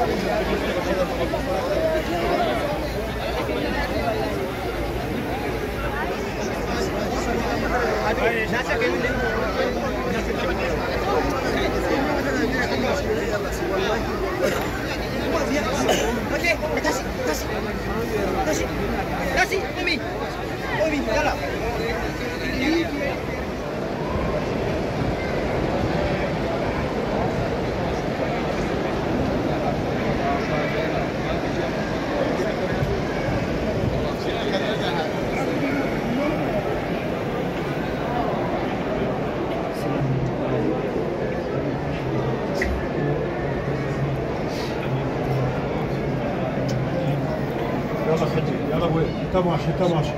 Gracias, Kevin. يلا ابوي تماشي تماشي